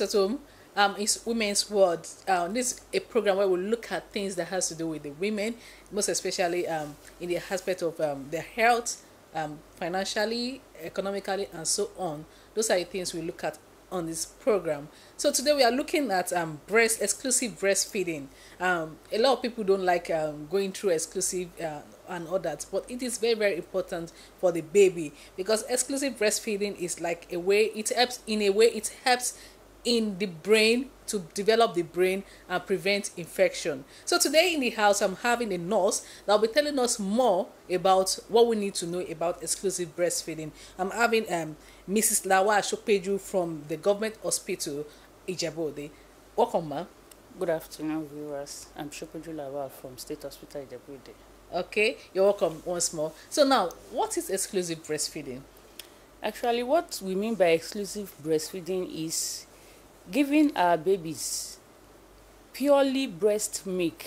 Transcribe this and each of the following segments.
Wives at Home um, is Women's World. Uh, this is a program where we look at things that has to do with the women, most especially um, in the aspect of um, their health, um, financially, economically, and so on. Those are the things we look at on this program. So today we are looking at um, breast exclusive breastfeeding. Um, a lot of people don't like um, going through exclusive uh, and all that, but it is very very important for the baby because exclusive breastfeeding is like a way it helps in a way it helps in the brain to develop the brain and prevent infection. So today in the house, I'm having a nurse that will be telling us more about what we need to know about exclusive breastfeeding. I'm having um, Mrs. Lawa Ashopeju from the Government Hospital, Ijabode. Welcome, ma. Good afternoon, viewers. I'm Shopeju Lawa from State Hospital, Ijabode. Okay, you're welcome once more. So now, what is exclusive breastfeeding? Actually, what we mean by exclusive breastfeeding is Giving our babies purely breast milk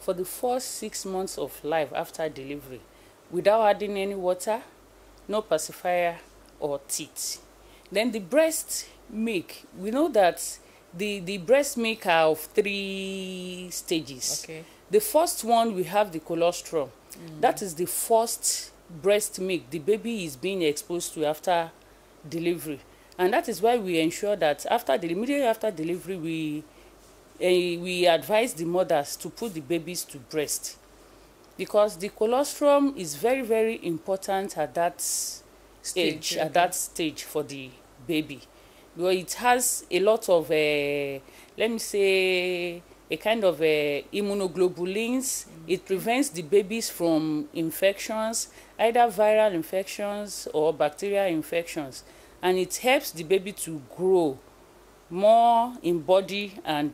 for the first six months of life after delivery without adding any water, no pacifier or teeth. Then the breast milk, we know that the, the breast milk are of three stages. Okay. The first one, we have the colostrum. Mm. That is the first breast milk the baby is being exposed to after delivery. and that is why we ensure that after the immediately after delivery we uh, we advise the mothers to put the babies to breast because the colostrum is very very important at that stage stage at that stage for the baby because it has a lot of uh, let me say a kind of uh, immunoglobulins mm-hmm. it prevents the babies from infections either viral infections or bacterial infections and it helps the baby to grow more in body and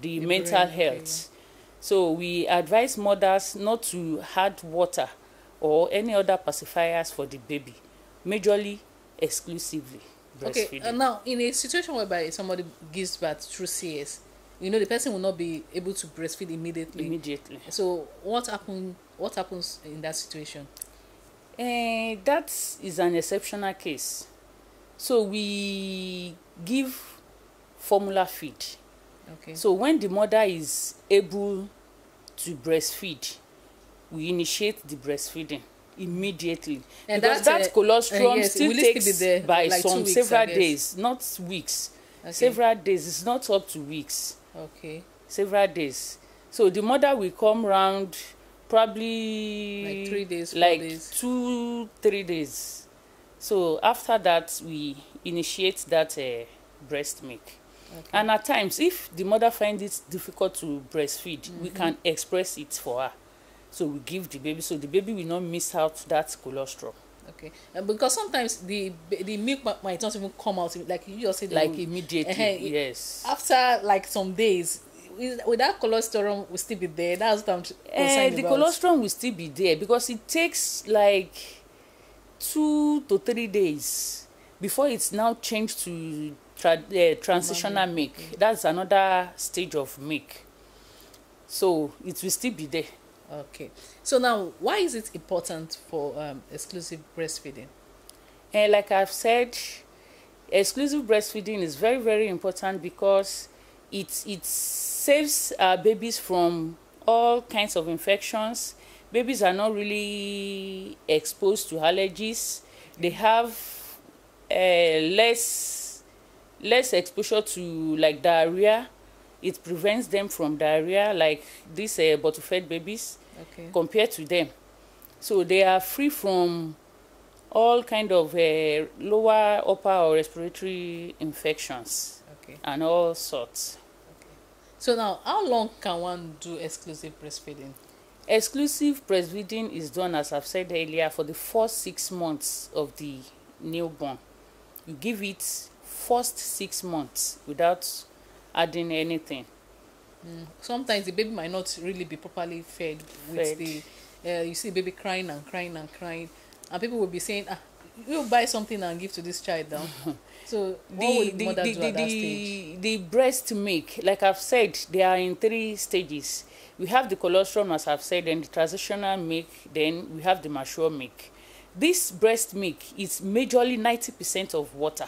the, the mental brain, health. Okay. So we advise mothers not to add water or any other pacifiers for the baby, majorly exclusively breastfeeding. Okay, uh, now in a situation whereby somebody gives birth through CS, you know the person will not be able to breastfeed immediately. Immediately. So what happen? What happens in that situation? Uh, that is an exceptional case So we give formula feed. Okay. So when the mother is able to breastfeed, we initiate the breastfeeding immediately and because that, that uh, colostrum uh, yes, still takes still there, by like some several days, not weeks. Okay. Several days. It's not up to weeks. Okay. Several days. So the mother will come round probably like three days, like days. two, three days So after that, we initiate that uh, breast milk. Okay. And at times, if the mother finds it difficult to breastfeed, mm-hmm. we can express it for her. So we give the baby, so the baby will not miss out that colostrum. Okay, and because sometimes the the milk might not even come out like you just said. Like immediately, uh-huh, yes. After like some days, with that colostrum will still be there. That's what I'm concerned uh, the about. The colostrum will still be there because it takes like two to three days before it's now changed to tra uh, transitional milk. Mm -hmm. That's another stage of milk. So it will still be there. Okay. So now, why is it important for um, exclusive breastfeeding? Eh, like I've said, exclusive breastfeeding is very, very important because it, it saves our uh, babies from all kinds of infections babies are not really exposed to allergies they have uh, less less exposure to like diarrhea it prevents them from diarrhea like these uh, eh, bottle fed babies okay. compared to them so they are free from all kind of uh, lower upper or respiratory infections okay. and all sorts okay. so now how long can one do exclusive breastfeeding Exclusive breastfeeding is done, as I've said earlier, for the first six months of the newborn. You give it first six months without adding anything. Mm. Sometimes the baby might not really be properly fed. With fed. the uh, you see baby crying and crying and crying, and people will be saying, "Ah, you buy something and give to this child now." so the, what would the, the, do the, the, The breast milk, like I've said, they are in three stages. We have the colostrum, as I've said, and the transitional milk, then we have the mature milk. This breast milk is majorly 90% of water.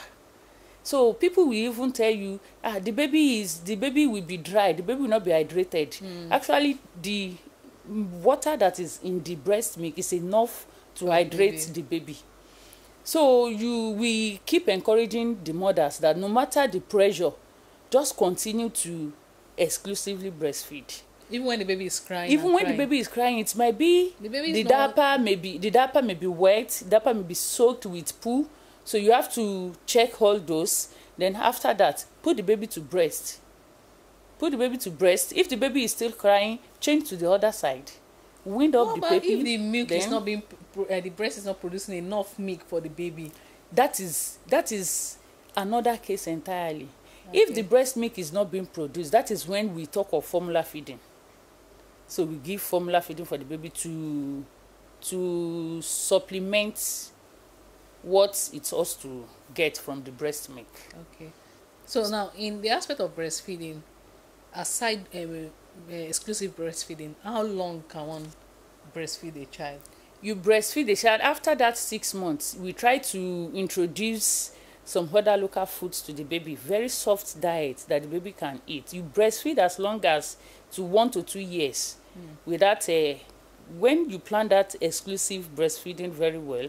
So people will even tell you, ah, the baby is the baby will be dry, the baby will not be hydrated. Mm. Actually, the water that is in the breast milk is enough to oh, hydrate baby. the baby. So you we keep encouraging the mothers that no matter the pressure, just continue to exclusively breastfeed even when the baby is crying even when crying. the baby is crying it might be the, the diaper not... may be the diaper may be wet diaper may be soaked with poo so you have to check all those then after that put the baby to breast put the baby to breast if the baby is still crying change to the other side wind no, up the baby if the milk then, is not being uh, the breast is not producing enough milk for the baby that is that is another case entirely okay. if the breast milk is not being produced that is when we talk of formula feeding so we give formula feeding for the baby to to supplement what it's supposed to get from the breast milk okay so now in the aspect of breastfeeding aside uh, uh, exclusive breastfeeding how long can one breastfeed a child you breastfeed the child after that six months we try to introduce some other local foods to the baby very soft diet that the baby can eat you breastfeed as long as to one to two years mm. with when you plan that exclusive breastfeeding very well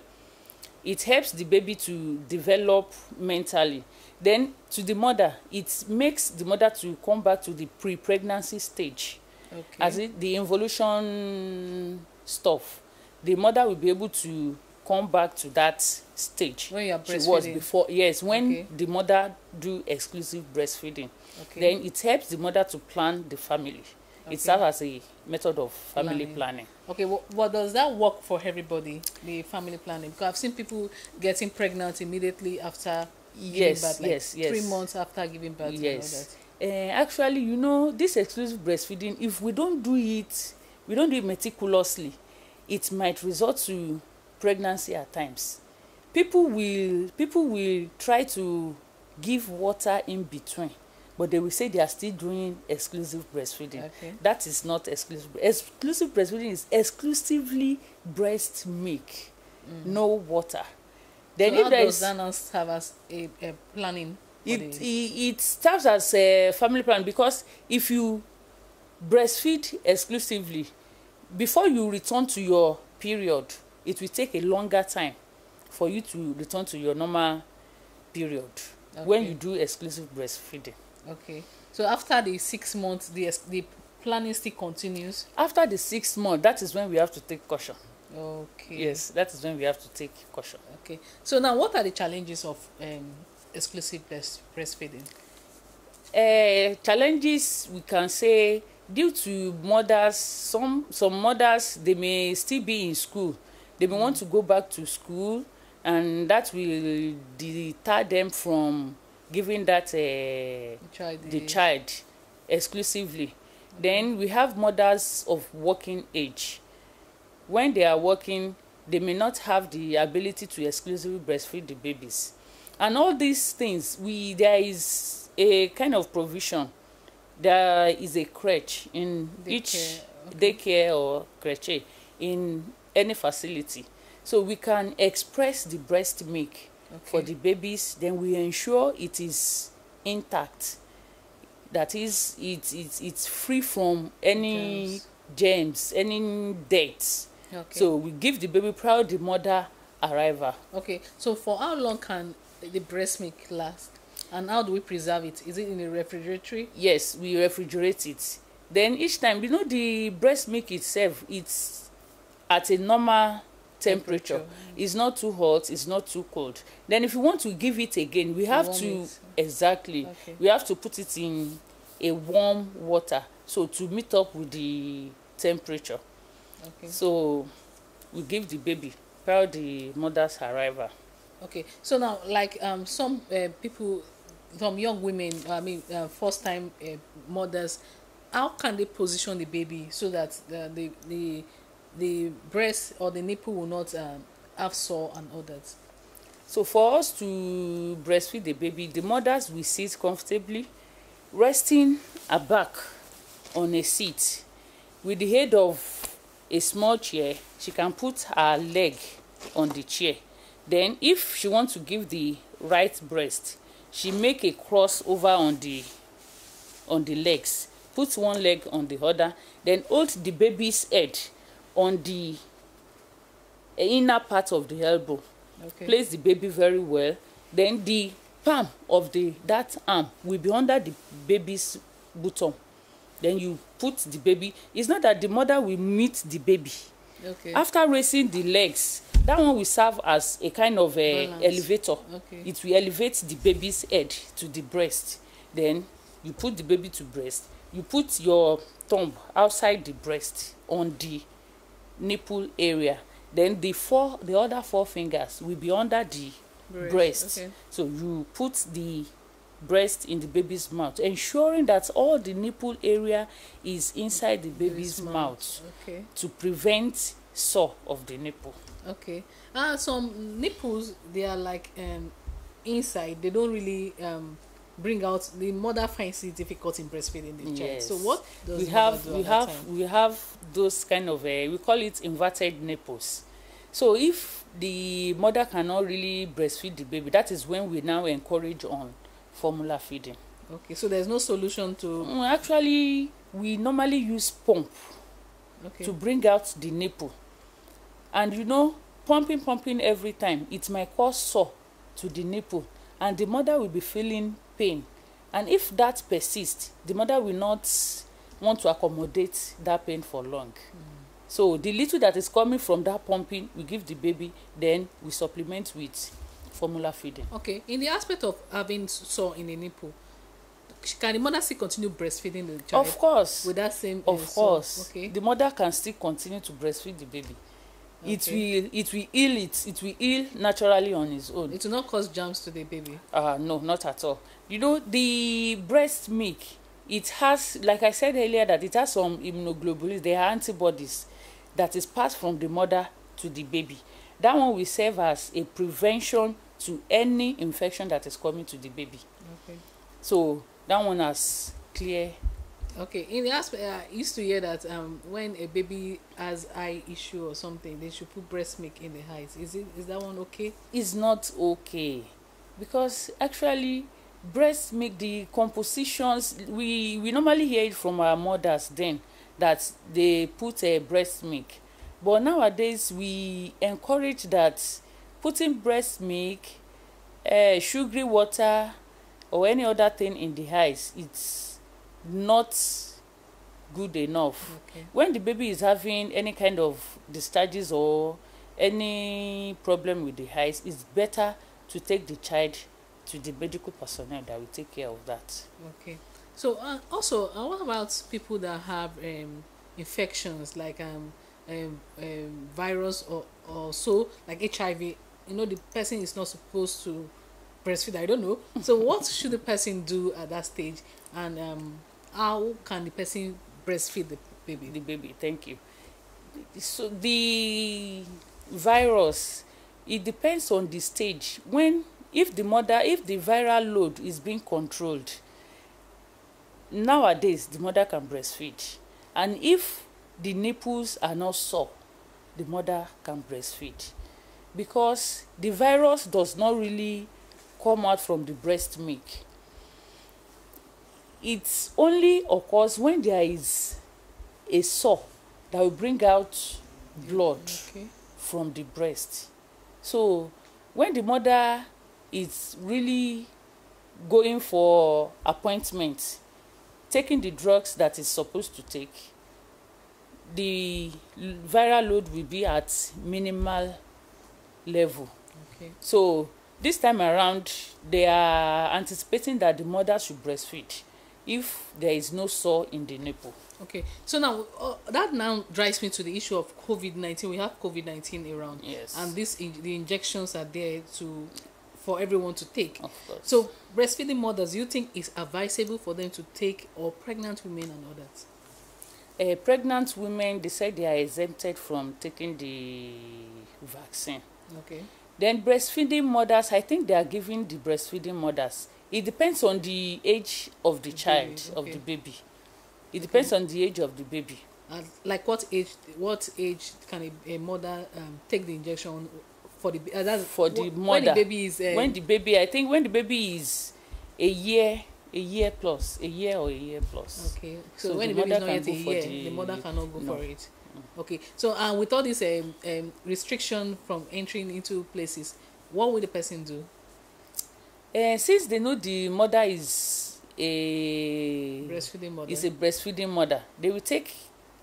it helps the baby to develop mentally then to the mother it makes the mother to come back to the pre-pregnancy stage okay. as it, the involution stuff the mother will be able to come back to that stage when you are breastfeeding. she was before yes when okay. the mother do exclusive breastfeeding okay. then it helps the mother to plan the family Okay. It serves as a method of family planning. planning. Okay, well, well, does that work for everybody, the family planning? Because I've seen people getting pregnant immediately after yes, birth, like yes, yes. three months after giving birth. Yes. Uh, actually, you know, this exclusive breastfeeding, if we don't do it, we don't do it meticulously, it might result to pregnancy at times. People will people will try to give water in between but they will say they are still doing exclusive breastfeeding okay. that is not exclusive exclusive breastfeeding is exclusively breast milk mm. no water then so if how there does is that as a, a planning it, it it serves as a family plan because if you breastfeed exclusively before you return to your period it will take a longer time for you to return to your normal period okay. when you do exclusive breastfeeding okay so after the six months the the planning still continues. after the six months that is when we have to take caution. okay yes that is when we have to take caution. okay so now what are the challenges of um, exclusive breast breastfeeding. Uh, challenges we can say due to mothers some some mothers they may still be in school they may mm. want to go back to school and that will deter them from giving that uh, child the age. child exclusively. Mm-hmm. Then we have mothers of working age. When they are working, they may not have the ability to exclusively breastfeed the babies. And all these things, we there is a kind of provision. There is a crèche in daycare. each okay. daycare or crèche in any facility. So we can express the breast milk okay. for the babies then we ensure it is intact that is it, it it's free from any germs, germs any death okay. so we give the baby prior the mother arrival. okay so for how long can the breast milk last and how do we preserve it is it in the refrigerator. yes we refrigerate it then each time you know the breast milk itself it's at a normal temperature. temperature. It's not too hot, it's not too cold. Then if you want to give it again, we have to it. exactly. Okay. We have to put it in a warm water so to meet up with the temperature. Okay. So we give the baby prior the mother's arrival. Okay. So now like um some uh, people some young women, I mean uh, first time uh, mothers how can they position the baby so that uh, the the, the the breast or the nipple will not um, have sore and others. So for us to breastfeed the baby, the mothers will sit comfortably, resting her back on a seat with the head of a small chair. She can put her leg on the chair. Then if she wants to give the right breast, she make a cross over on the on the legs, put one leg on the other, then hold the baby's head on the inner part of the elbow okay. place the baby very well then the palm of the that arm will be under the baby's bottom then you put the baby it's not that the mother will meet the baby okay. after raising the legs that one will serve as a kind of a elevator okay. it will elevate the baby's head to the breast then you put the baby to breast you put your thumb outside the breast on the nipple area then the four the other four fingers will be under the breast, breast. Okay. so you put the breast in the baby's mouth ensuring that all the nipple area is inside the baby's mouth, mouth okay. to prevent sore of the nipple okay ah uh, some nipples they are like um, inside they don't really um, bring out the mother finds it difficult in breastfeeding the yes. child. So what does we have do we have time? we have those kind of uh, we call it inverted nipples. So if the mother cannot really breastfeed the baby, that is when we now encourage on formula feeding. Okay, so there's no solution to mm, actually we normally use pump okay. to bring out the nipple. And you know, pumping, pumping every time, it might cause sore to the nipple and the mother will be feeling pain and if that persists the mother will not want to accommodate that pain for long mm. so the little that is coming from that pumping we give the baby then we supplement with formula feeding. okay in the aspect of having sore in the nipple can the mother still continue breastfeeding the child. of course with that same. Eh, of uh, course okay the mother can still continue to breastfeed the baby it will it will heal it it will heal naturally on its own. it will not cause germs to the baby. Uh, no not at all you know the breast milk it has like i said earlier that it has some immunoglobulins they are antibodies that is passed from the mother to the baby that one will serve as a prevention to any infection that is coming to the baby. okay so that one has clear Okay, in the aspect, uh, I used to hear that um, when a baby has eye issue or something, they should put breast milk in the eyes. Is it is that one okay? It's not okay, because actually, breast milk the compositions we we normally hear it from our mothers then that they put uh, breast milk, but nowadays we encourage that putting breast milk, uh, sugary water, or any other thing in the eyes. It's not good enough. Okay. When the baby is having any kind of discharges or any problem with the eyes, it's better to take the child to the medical personnel that will take care of that. Okay. So uh, also, uh, what about people that have um, infections like um, um, um, virus or, or so, like HIV? You know, the person is not supposed to breastfeed. I don't know. So, what should the person do at that stage? And um, how can the person breastfeed the baby? The baby, thank you. So the virus, it depends on the stage. When if the mother, if the viral load is being controlled, nowadays the mother can breastfeed, and if the nipples are not sore, the mother can breastfeed, because the virus does not really come out from the breast milk it only occurs when there is a sore that will bring out blood okay. from the breast so when the mother is really going for appointment taking the drugs that is supposed to take the viral load will be at minimal level okay. so this time around they are anticipating that the mother should breastfeed if there is no sore in the nipple. Okay, so now uh, that now drives me to the issue of COVID nineteen. We have COVID nineteen around, yes, and this in, the injections are there to for everyone to take. Of course. So breastfeeding mothers, you think is advisable for them to take, or pregnant women and others? Uh, pregnant women, they said they are exempted from taking the vaccine. Okay. Then breastfeeding mothers, I think they are giving the breastfeeding mothers it depends on the age of the, child okay. of the baby it okay. depends on the age of the baby. At, like what age what age can a, a mother um, take the injection for the uh, that's for the mother when the baby is um, when the baby I think when the baby is a year a year plus a year or a year plus. okay so, so when the, the baby is not yet a year the, the mother cannot go no. for it. okay so and uh, with all this um, um, restriction from entering into places what will the person do Uh, since they know the mother is a breastfeeding mother, is a breastfeeding mother, they will take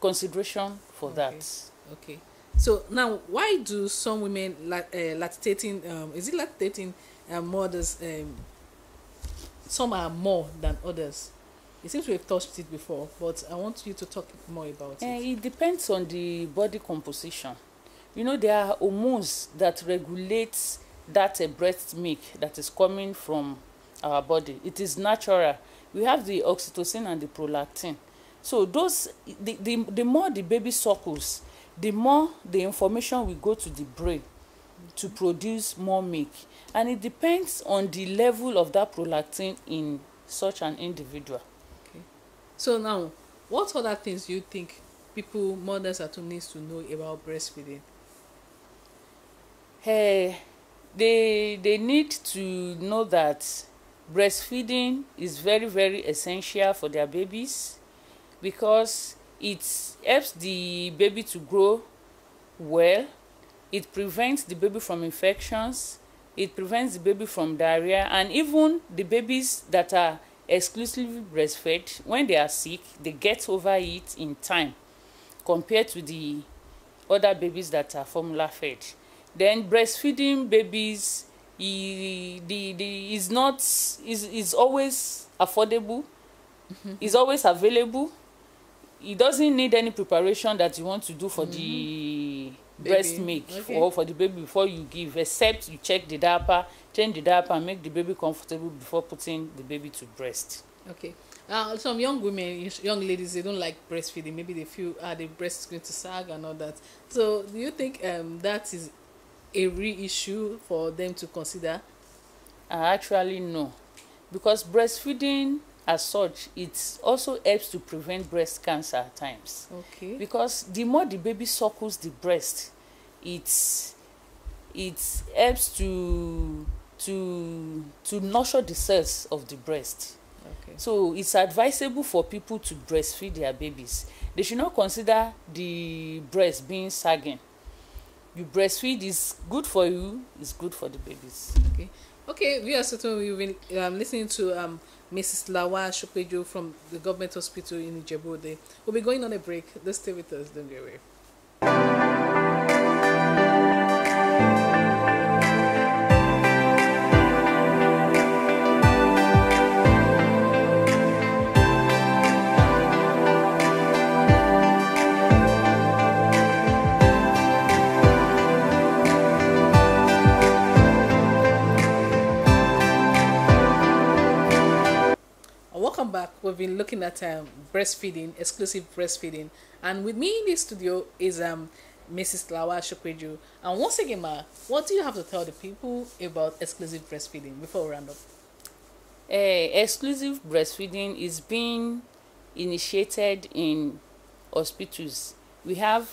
consideration for okay. that. Okay. So now, why do some women lat- uh, eh, lactating? Um, is it lactating uh, mothers? Um, some are more than others. It seems we've touched it before, but I want you to talk more about uh, it. Eh, it depends on the body composition. You know, there are hormones that regulates that uh, breast milk that is coming from our body it is natural we have the oxytocin and the prolactin so those the the, the more the baby suckles the more the information will go to the brain to produce more milk and it depends on the level of that prolactin in such an individual. okay so now what other things do you think people mothers at home needs to know about breastfeeding. Hey. Eh, they they need to know that breastfeeding is very very essential for their babies because it helps the baby to grow well it prevents the baby from infections it prevents the baby from diarrhea and even the babies that are exclusively breastfed when they are sick they get over it in time compared to the other babies that are formula fed Then breastfeeding babies he, the, the, is not is, is always affordable, mm-hmm. is always available. He doesn't need any preparation that you want to do for mm-hmm. the baby. breast milk okay. or for the baby before you give, except you check the diaper, change the diaper, and make the baby comfortable before putting the baby to breast. Okay. Uh, some young women, young ladies, they don't like breastfeeding. Maybe they feel ah, uh, the breast is going to sag and all that. So, do you think um, that is a real issue for them to consider? Uh, actually, no. Because breastfeeding as such, it also helps to prevent breast cancer at times. Okay. Because the more the baby suckles the breast, it's it helps to to to nurture the cells of the breast. Okay. So it's advisable for people to breastfeed their babies. They should not consider the breast being sagging. you breastfeed is good for you it's good for the babies okay okay we are certain we've been um, listening to um mrs lawa shopejo from the government hospital in ijebu we'll be going on a break let's stay with us don't get away welcome back. We've been looking at um, breastfeeding, exclusive breastfeeding, and with me in the studio is um, Mrs. Lawa Shokweju. And once again, Ma, what do you have to tell the people about exclusive breastfeeding before we round up? Uh, exclusive breastfeeding is being initiated in hospitals. We have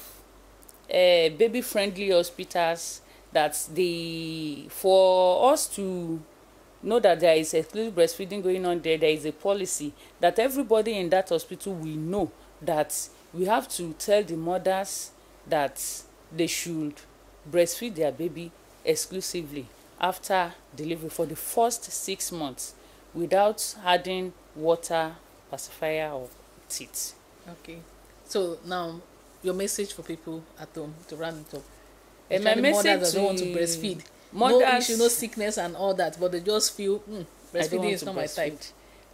uh, baby-friendly hospitals that they for us to know that there is exclusive breastfeeding going on there there is a policy that everybody in that hospital We know that we have to tell the mothers that they should breastfeed their baby exclusively after delivery for the first six months without adding water pacifier or teeth. okay so now your message for people at home to round it up. Uh, my message to mothers that don't want to breastfeed mothers no issue no sickness and all that but they just feel mm, breastfeeding is not my type.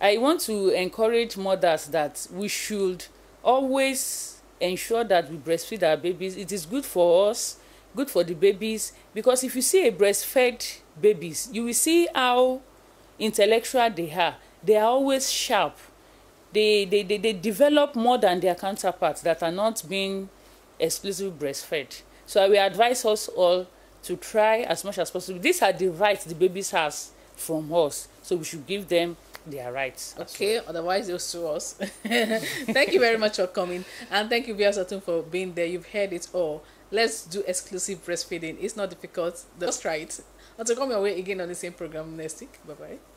I want to encourage mothers that we should always ensure that we breastfeed our babies it is good for us good for the babies because if you see a breastfed babies you will see how intellectual they are they are always sharp they they they, they develop more than their counterparts that are not being exclusively breastfed so i will advise us all to try as much as possible these are the rights the babies has from us so we should give them their rights. Okay, well. otherwise they'll sue us. thank you very much for coming, and thank you, Bia Satun, for being there. You've heard it all. Let's do exclusive breastfeeding. It's not difficult. Just try it. Until come your way again on the same program next week. Bye bye.